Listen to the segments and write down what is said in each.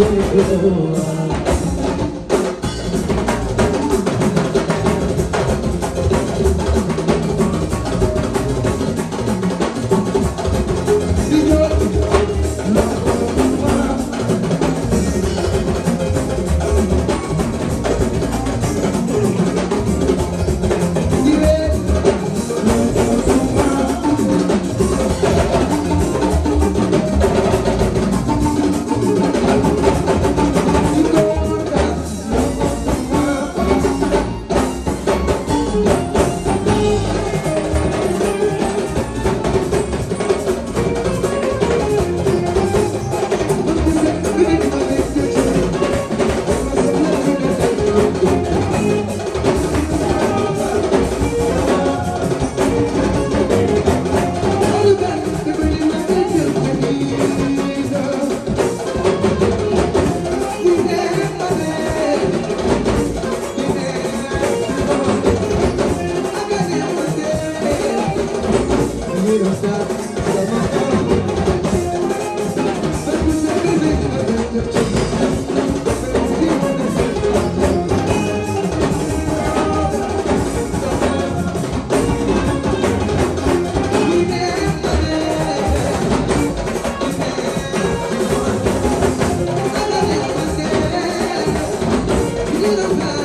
Don't go Thank you. gërëm naa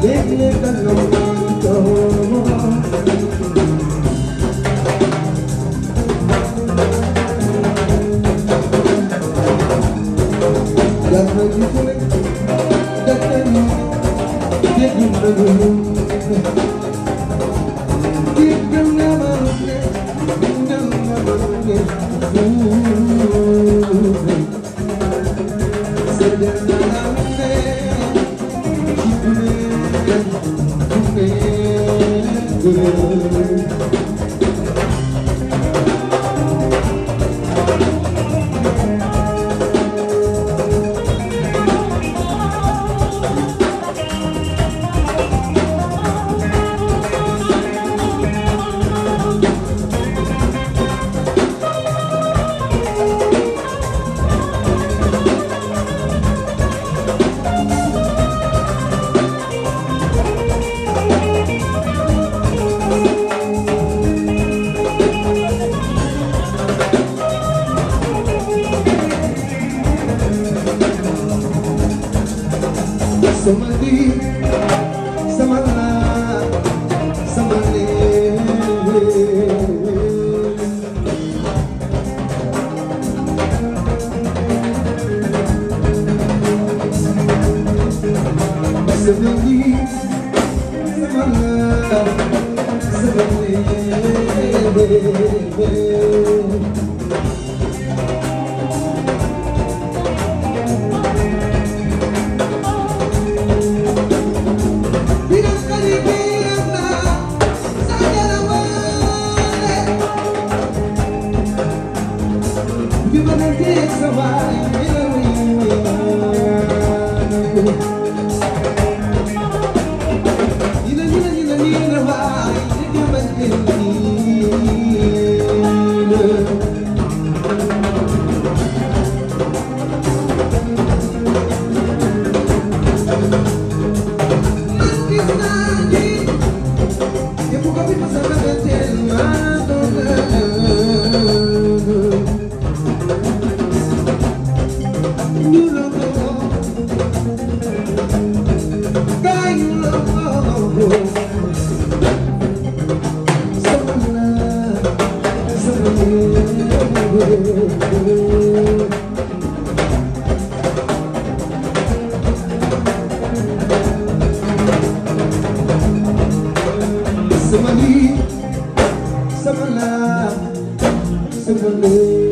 léegi léegi sama lii sama laa sama lii sama lii sama laa sama lii sama lii sama laa sama lii